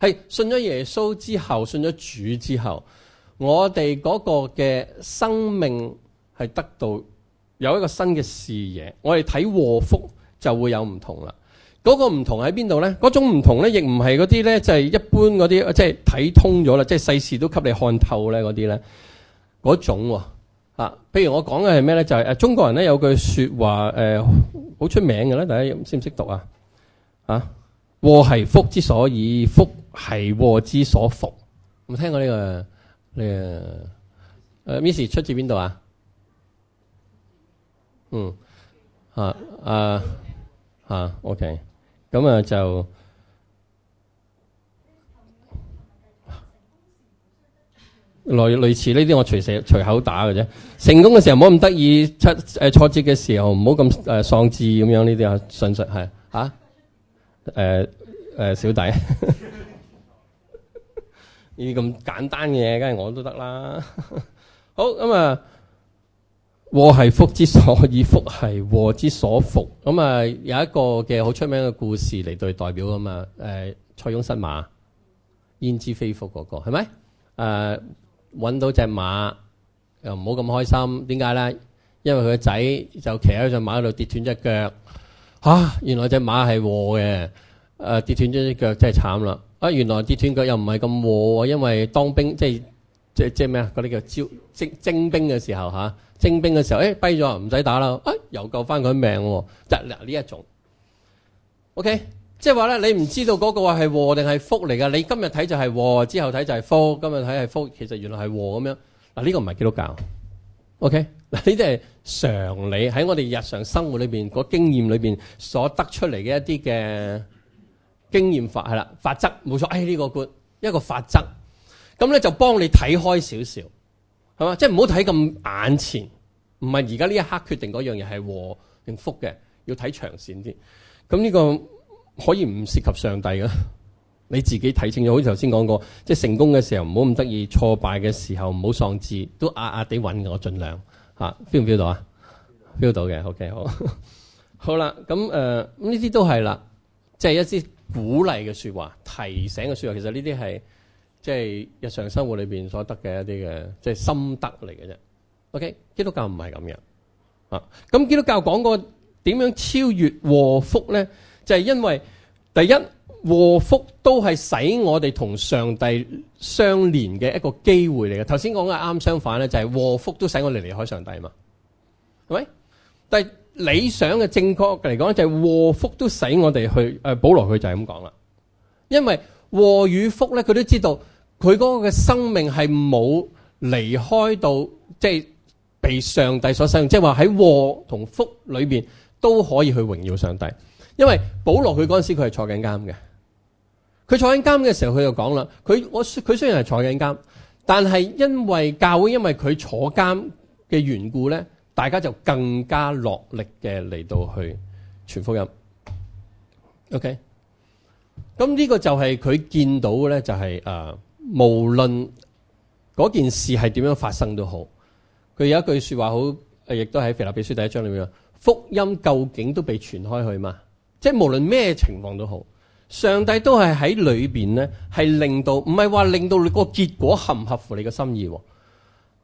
係信咗耶穌之後，信咗主之後。我哋嗰個嘅生命係得到有一個新嘅視野，我哋睇禍福就會有唔同啦。嗰個唔同喺邊度咧？嗰種唔同咧，亦唔係嗰啲咧，就係一般嗰啲即係睇通咗啦，即係世事都給你看透咧嗰啲咧嗰種啊。譬如我講嘅係咩咧？就係中國人咧有句說話呃好出名嘅咧。大家識唔識讀啊？啊，禍係福之所以，福係禍之所福。冇聽過呢個？呢誒，Miss 出自邊度啊？嗯，吓啊吓、啊、，OK，咁啊就類類似呢啲，我隨寫隨口打嘅啫。成功嘅時候唔好咁得意，出誒、呃、挫折嘅時候唔好咁誒喪志咁樣，這信息。呢啲啊，信實係啊，誒、呃、誒，小弟。 *laughs* 呢啲咁簡單嘅嘢梗係我都得啦。 *laughs* 好咁啊，禍、嗯、係福之所以，福係禍之所福。咁、嗯、啊、嗯，有一個嘅好出名嘅故事嚟對代表咁嘛。誒、嗯，塞翁失馬，焉知非福嗰、那個係咪？誒，揾、嗯、到隻馬又唔好咁開心，點解咧？因為佢個仔就騎喺隻馬度跌斷隻腳。嚇、啊，原來隻馬係禍嘅。誒、啊、跌斷咗隻腳真係慘啦！啊，原來跌斷腳又唔係咁禍，因為當兵即係即係即係咩啊？嗰啲叫招徵兵嘅時候嚇，徵兵嘅時候，誒跛咗啊，唔使、欸、打啦！啊，又救翻佢命喎、啊。就嗱呢一種，OK，即係話咧，你唔知道嗰個話係禍定係福嚟㗎。你今日睇就係禍，之後睇就係福，今日睇係福，其實原來係禍咁樣嗱。呢、啊呢個唔係基督教，OK 嗱，呢啲係常理喺我哋日常生活裏邊嗰經驗裏邊所得出嚟嘅一啲嘅。經驗法係啦，法則冇錯。哎，呢、這個觀一個法則，咁咧就幫你睇開少少，係嘛？即係唔好睇咁眼前，唔係而家呢一刻決定嗰樣嘢係禍定福嘅，要睇長線啲。咁呢個可以唔涉及上帝嘅，你自己睇清楚。好似頭先講過，即、就、係、是、成功嘅時候唔好咁得意，挫敗嘅時候唔好喪志，都壓壓地搵我，盡量吓 feel 唔 feel 到啊？feel 到嘅，OK，好。好啦，咁誒，咁呢啲都係啦，即、就、係、是、一啲。鼓勵嘅說話、提醒嘅說話，其實呢啲係即係日常生活裏邊所得嘅一啲嘅，即係心得嚟嘅啫。OK，基督教唔係咁樣啊。咁基督教講過點樣超越禍福咧，就係因為第一禍福都係使我哋同上帝相連嘅一個機會嚟嘅。頭先講嘅啱相反咧，就係禍福都使我哋離開上帝嘛。係咪？但理想嘅正確嚟講就係禍福都使我哋去。誒、呃，保羅佢就係咁講啦，因為禍與福咧，佢都知道佢嗰個嘅生命係冇離開到，即係被上帝所使用。即係話喺禍同福裏面都可以去榮耀上帝。因為保羅佢嗰陣時佢係坐緊監嘅，佢坐緊監嘅時候佢就講啦，佢我佢雖然係坐緊監，但係因為教會因為佢坐監嘅緣故咧。大家就更加落力嘅嚟到去傳福音，OK？咁呢個就係佢見到嘅咧、就係，就係誒，無論嗰件事係點樣發生都好，佢有一句説話好，亦、啊、都喺《腓立比書》第一章裏面。福音究竟都被傳開去嘛？即係無論咩情況都好，上帝都係喺裏面咧，係令到唔係話令到你個結果合唔合乎你嘅心意、哦。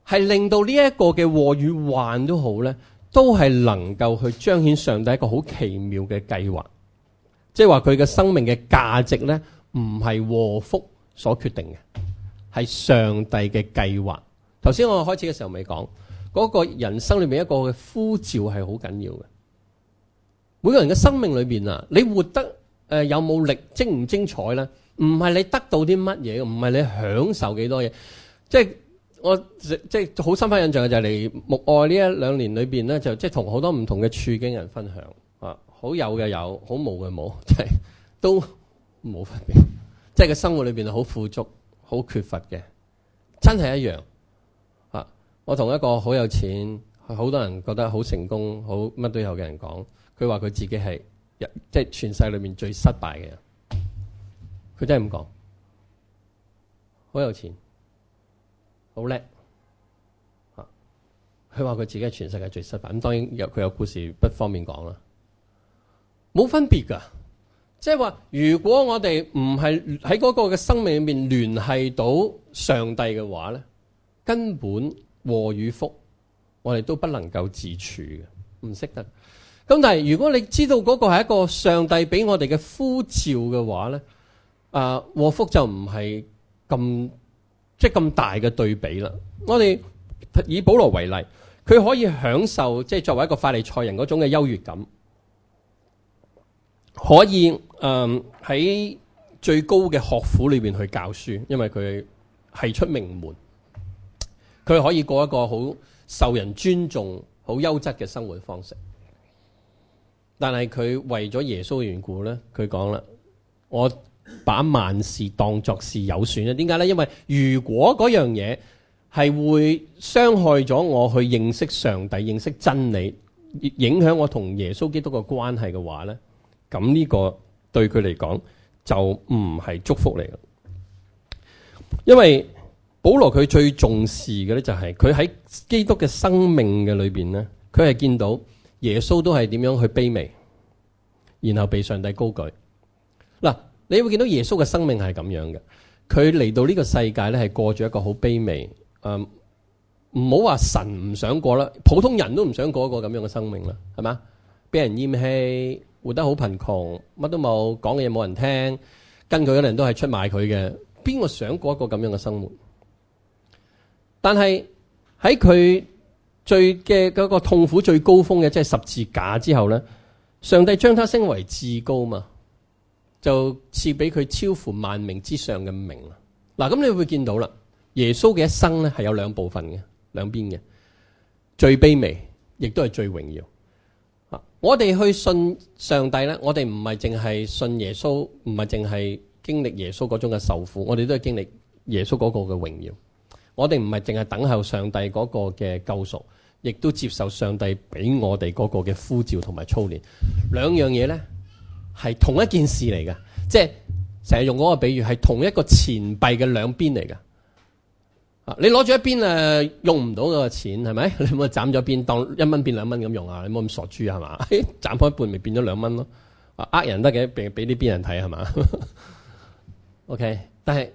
係令到呢一個嘅，禍與患都好呢，都係能夠去彰顯上帝一個好奇妙嘅計劃，即係話佢嘅生命嘅價值呢，唔係禍福所決定嘅，係上帝嘅計劃。頭先我開始嘅時候未講，嗰，那個人生裏面一個嘅呼召係好緊要嘅。每個人嘅生命裏面啊，你活得誒有冇力精唔精彩呢？唔係你得到啲乜嘢，唔係你享受幾多嘢，即係。我即係好深刻印象嘅就係喺牧養呢一兩年裏面咧，就即係同好多唔同嘅處境人分享啊，好有嘅有，好冇嘅冇，即係都冇分別。即係個生活裏面好富足，好缺乏嘅，真係一樣啊！我同一個好有錢、好多人覺得好成功、好乜都有嘅人講，佢話佢自己係即係全世裏面最失敗嘅人，佢真係咁講，好有錢。好叻，佢話佢自己係全世界最失敗，咁當然有佢有故事，不方便講啦。冇分別噶，即係話如果我哋唔係喺嗰個嘅生命裏面聯繫到上帝嘅話咧，根本禍與福，我哋都不能夠自處嘅，唔識得。咁但係如果你知道嗰個係一個上帝俾我哋嘅呼召嘅話咧，啊禍福就唔係咁。即係咁大嘅對比啦！我哋以保羅為例，佢可以享受即係作為一個法利賽人嗰種嘅優越感，可以誒喺、嗯、最高嘅學府裏邊去教書，因為佢係出名門，佢可以過一個好受人尊重、好優質嘅生活方式。但係佢為咗耶穌嘅緣故呢，佢講啦，我。把萬事當作是有損啊？點解呢？因為如果嗰樣嘢係會傷害咗我去認識上帝、認識真理，影響我同耶穌基督嘅關係嘅話呢，咁呢個對佢嚟講就唔係祝福嚟。因為保羅佢最重視嘅呢，就係佢喺基督嘅生命嘅裏邊呢，佢係見到耶穌都係點樣去卑微，然後被上帝高舉嗱。你會見到耶穌嘅生命係咁樣嘅，佢嚟到呢個世界咧，係過住一個好卑微，誒，唔好話神唔想過啦，普通人都唔想過一個咁樣嘅生命啦，係嘛？俾人厭棄，活得好貧窮，乜都冇，講嘢冇人聽，跟佢嘅人都係出賣佢嘅，邊個想過一個咁樣嘅生活？但係喺佢最嘅嗰個痛苦最高峰嘅，即係十字架之後咧，上帝將他升為至高嘛。就賜俾佢超乎萬名之上嘅名啦。嗱，咁你會見到啦，耶穌嘅一生咧係有兩部分嘅，兩邊嘅，最卑微，亦都係最榮耀。我哋去信上帝咧，我哋唔係淨係信耶穌，唔係淨係經歷耶穌嗰種嘅受苦，我哋都係經歷耶穌嗰個嘅榮耀。我哋唔係淨係等候上帝嗰個嘅救贖，亦都接受上帝俾我哋嗰個嘅呼召同埋操練。兩樣嘢咧。係同一件事嚟㗎，即係成日用嗰個比喻，係同一個錢幣嘅兩邊嚟㗎。啊，你攞住一邊啊，用唔到嗰個錢係咪？你咪斬咗一邊當一蚊變兩蚊咁用啊？你冇咁傻豬係嘛？斬開一半咪變咗兩蚊咯。呃， *laughs* 人得嘅，俾俾呢邊人睇係嘛？OK，但係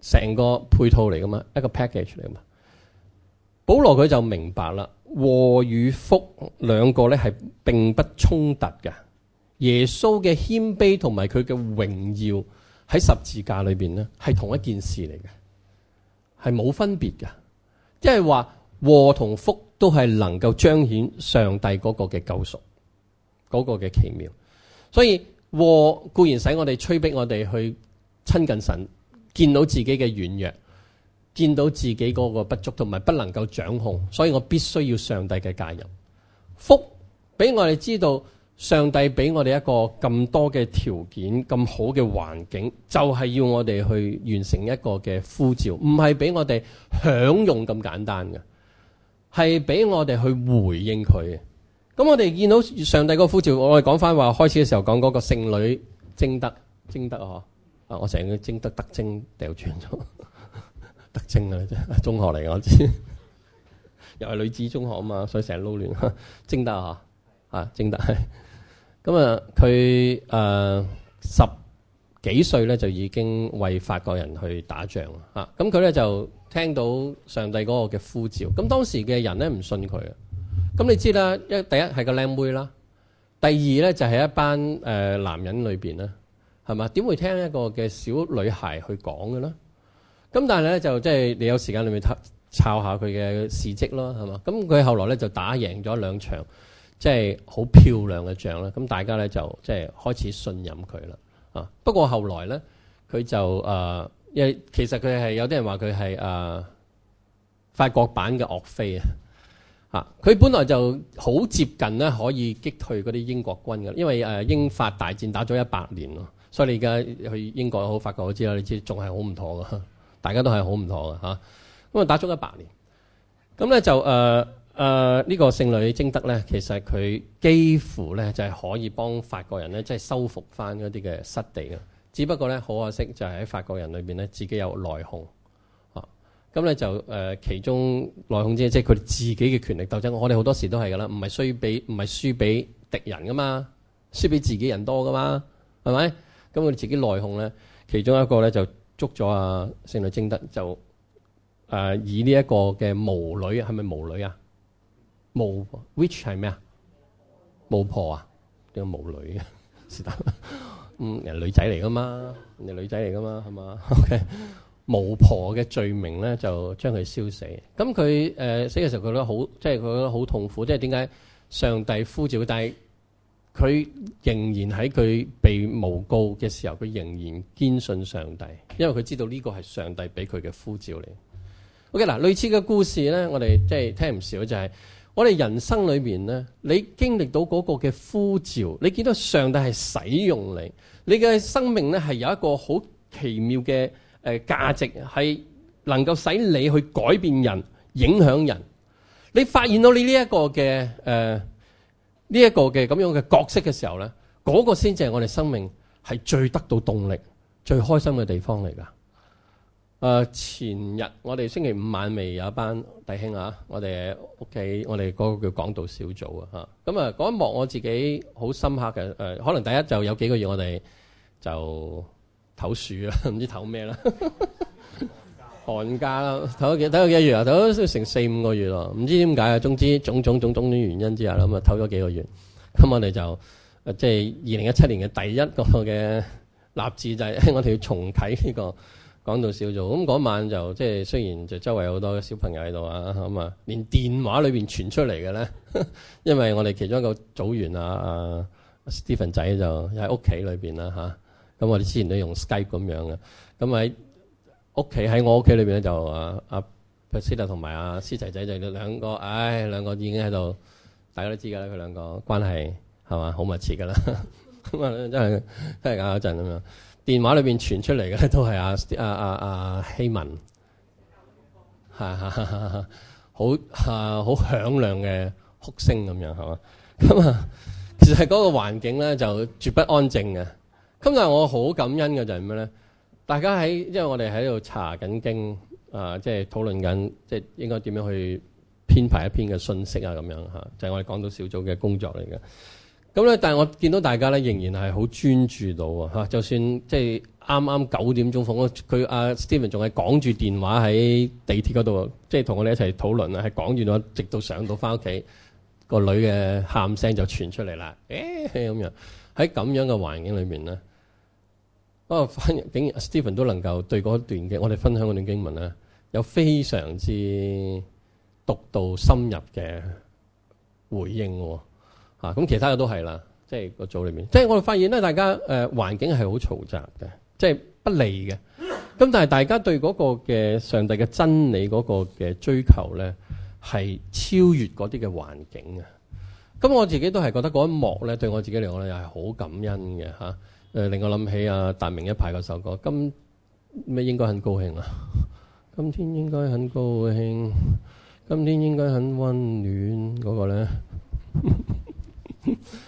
成個配套嚟噶嘛，一個 package 嚟噶嘛。保羅佢就明白啦，禍與福兩個咧係並不衝突㗎。耶穌嘅謙卑同埋佢嘅榮耀喺十字架裏邊呢係同一件事嚟嘅，係冇分別嘅。即係話禍同福都係能夠彰顯上帝嗰個嘅救贖，嗰個嘅奇妙。所以禍固然使我哋、催逼我哋去親近神，見到自己嘅軟弱，見到自己嗰個不足，同埋不能夠掌控，所以我必須要上帝嘅介入。福俾我哋知道，上帝俾我哋一個咁多嘅條件，咁好嘅環境，就係、是、要我哋去完成一個嘅呼召，唔係俾我哋享用咁簡單嘅，係俾我哋去回應佢。咁我哋見到上帝嗰個呼召，我哋講翻話，開始嘅時候講嗰個聖女貞德，貞德啊，我成日都貞德德貞掉轉咗，德貞啊，中學嚟，我知，又係女子中學啊嘛，所以成日撈亂，貞德啊。啊，貞德，咁、嗯、啊，佢誒、呃、十幾歲咧就已經為法國人去打仗。咁佢咧就聽到上帝嗰個嘅呼召，咁、嗯、當時嘅人咧唔信佢啊！咁、嗯、你知啦，一第一係個靚妹啦，第二咧就係、是、一班、呃、男人裏面啦，係嘛？點會聽一個嘅小女孩去講嘅啦？咁、嗯、但係咧就即係你有時間裏面抄下佢嘅事跡咯，係嘛？咁、嗯、佢後來咧就打贏咗兩場。即係好漂亮嘅仗啦，咁大家咧就即係開始信任佢啦。啊，不過後來咧，佢就誒，因為其實佢係有啲人話佢係誒法國版嘅岳飛啊。佢本來就好接近咧，可以擊退嗰啲英國軍嘅，因為誒英法大戰打咗一百年咯。所以你而家去英國好法國好，知啦，你知仲係好唔妥嘅，大家都係好唔妥㗎。咁啊，打咗一百年，咁咧就誒。呃誒呢、呃這個聖女貞德咧，其實佢幾乎咧就係、是、可以幫法國人咧，即係收復翻嗰啲嘅失地。只不過咧，好可惜就係喺法國人裏面咧，自己有內訌啊。咁咧就誒、呃、其中內訌即係即係佢哋自己嘅權力鬥爭。我哋好多時都係㗎啦，唔係輸俾唔係輸俾敵人㗎嘛，輸俾自己人多㗎嘛，係咪？咁佢哋自己內訌咧，其中一個咧就捉咗啊聖女貞德，就誒、呃、以呢一個嘅巫女係咪巫女啊？巫婆，which 係咩啊？巫婆啊？點解巫女嘅、啊？ *laughs* 是但，嗯，人女仔嚟噶嘛？人女仔嚟噶嘛？係嘛吧？OK，巫婆嘅罪名咧，就將佢燒死。咁佢誒死嘅時候，佢都好，即係佢覺得好痛苦。即係點解上帝呼召，但係佢仍然喺佢被誣告嘅時候，佢仍然堅信上帝，因為佢知道呢個係上帝俾佢嘅呼召嚟。OK，嗱，類似嘅故事咧，我哋即係聽唔少就係、是。我哋人生裏面，咧，你經歷到嗰個嘅呼召，你見到上帝係使用你，你嘅生命咧係有一個好奇妙嘅誒價值，係能夠使你去改變人、影響人。你發現到你呢一個嘅誒呢一個嘅咁樣嘅角色嘅時候咧，嗰個先至係我哋生命係最得到動力、最開心嘅地方嚟噶。誒前日我哋星期五晚未有一班弟兄啊，我哋屋企我哋嗰個叫港島小組啊嚇，咁啊嗰一幕我自己好深刻嘅誒，可能第一就有幾個月我哋就唞暑啊，唔知唞咩啦，寒假啦，唞咗幾，唞咗幾個月啊，唞咗成四五個月咯，唔知點解啊，總之種種種種啲原因之下啦，咁啊唞咗幾個月，咁我哋就即係二零一七年嘅第一個嘅立志就係我哋要重啟呢個。講到少做，咁、那、嗰、個、晚就即係雖然就周圍有好多小朋友喺度啊，咁啊，連電話裏邊傳出嚟嘅咧，因為我哋其中一個組員啊啊 Steven 仔就喺屋企裏邊啦吓，咁、啊、我哋之前都用 Skype 咁樣嘅，咁喺屋企喺我屋企裏邊咧就啊阿 Presta 同埋阿思齊仔就兩個，唉、哎，兩個已經喺度，大家都知噶啦，佢兩個關係係嘛好密切噶啦，咁啊 *laughs* 真係真係搞一陣咁樣。電話裏邊傳出嚟嘅咧，都係阿阿阿阿希文，係好啊好、啊啊、響亮嘅哭聲咁樣，係嘛？咁啊，其實嗰個環境咧就絕不安靜嘅。咁但係我好感恩嘅就係咩咧？大家喺因為我哋喺度查緊經啊，即係討論緊，即係應該點樣去編排一篇嘅信息啊咁樣嚇，就係、是、我哋講道小組嘅工作嚟嘅。咁咧，但係我見到大家咧，仍然係好專注到啊！就算即係啱啱九點鐘放，佢阿 Stephen 仲係講住電話喺地鐵嗰度，即係同我哋一齊討論啊。係講完咗，直到上到返屋企，個女嘅喊聲就傳出嚟啦。誒，哎，哎，咁樣喺咁樣嘅環境裏面咧，不過，啊，反而 Stephen 都能夠對嗰段嘅我哋分享嗰段經文咧，有非常之獨到深入嘅回應喎。啊！咁其他嘅都係啦，即係個組裏面。即係我哋發現咧，大家誒環境係好嘈雜嘅，即係不利嘅。咁但係大家對嗰個嘅上帝嘅真理嗰個嘅追求咧，係超越嗰啲嘅環境嘅。咁我自己都係覺得嗰一幕咧，對我自己嚟講咧，又係好感恩嘅嚇。誒，令我諗起達明一派嗰首歌，今咩應該很高興啊？今天應該很高興，今天應該很温暖嗰個咧。 *laughs*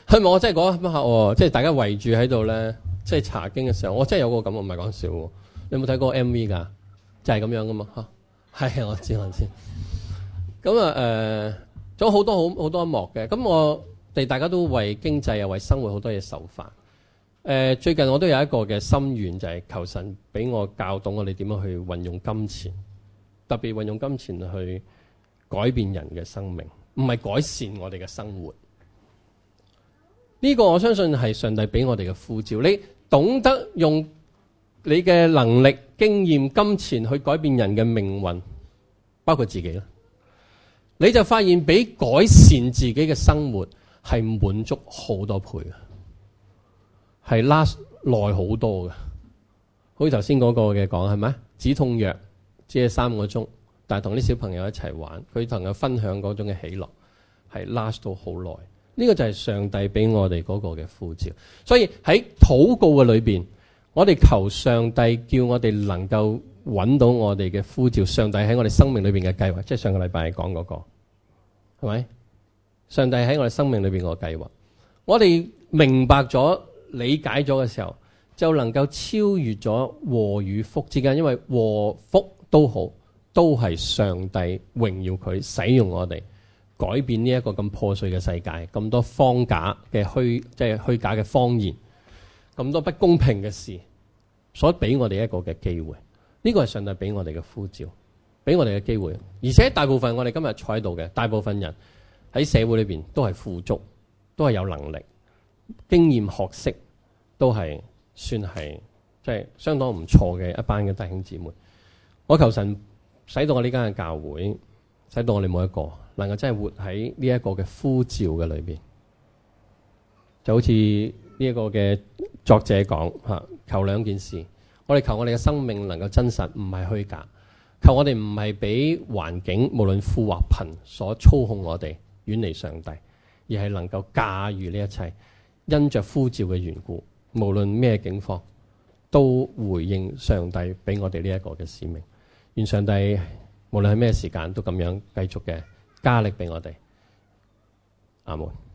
係咪 *laughs* 我真係講一刻喎，哦？即係大家圍住喺度咧，即係查經嘅時候，我真係有嗰個感覺，唔係講笑的。你有冇睇過 M V 噶？就係、是、咁樣噶嘛，吓、哦、係我知道、嗯、很多很多的那我知。咁啊，誒，仲有好多好好多幕嘅。咁我哋大家都為經濟啊，為生活好多嘢受煩。誒、呃，最近我都有一個嘅心願，就係、是、求神俾我教導我哋點樣去運用金錢，特別運用金錢去改變人嘅生命，唔係改善我哋嘅生活。呢個我相信係上帝俾我哋嘅呼召。你懂得用你嘅能力、經驗、金錢去改變人嘅命運，包括自己啦。你就發現比改善自己嘅生活係滿足好多倍嘅，係 last 耐好多嘅。好似頭先嗰個嘅講係咪？止痛藥只係三個鐘，但係同啲小朋友一齊玩，佢同佢分享嗰種嘅喜樂，係 last 到好耐很。呢個就係上帝俾我哋嗰個嘅呼召，所以喺禱告嘅裏邊，我哋求上帝叫我哋能夠揾到我哋嘅呼召。上帝喺我哋生命裏邊嘅計劃，即係上個禮拜講嗰個，係咪？上帝喺我哋生命裏邊個計劃，我哋明白咗、理解咗嘅時候，就能夠超越咗禍與福之間，因為禍福都好，都係上帝榮耀佢使用我哋。改變呢一個咁破碎嘅世界，咁多荒假嘅虛，即係虛假嘅謊言，咁多不公平嘅事，所俾我哋一個嘅機會，呢、呢個係上帝俾我哋嘅呼召，俾我哋嘅機會。而且大部分我哋今日坐喺度嘅，大部分人喺社會裏面都係富足，都係有能力、經驗學識都係算係即係相當唔錯嘅一班嘅弟兄姊妹。我求神使到我呢間嘅教會，使到我哋每一個。能夠真係活喺呢一個嘅呼召嘅裏面，就好似呢一個嘅作者講吓，求兩件事，我哋求我哋嘅生命能夠真實，唔係虛假，求我哋唔係俾環境無論富或貧所操控我哋遠離上帝，而係能夠駕馭呢一切，因着呼召嘅緣故，無論咩境況都回應上帝俾我哋呢一個嘅使命。願上帝無論係咩時間都咁樣繼續嘅。加力畀我哋，阿門。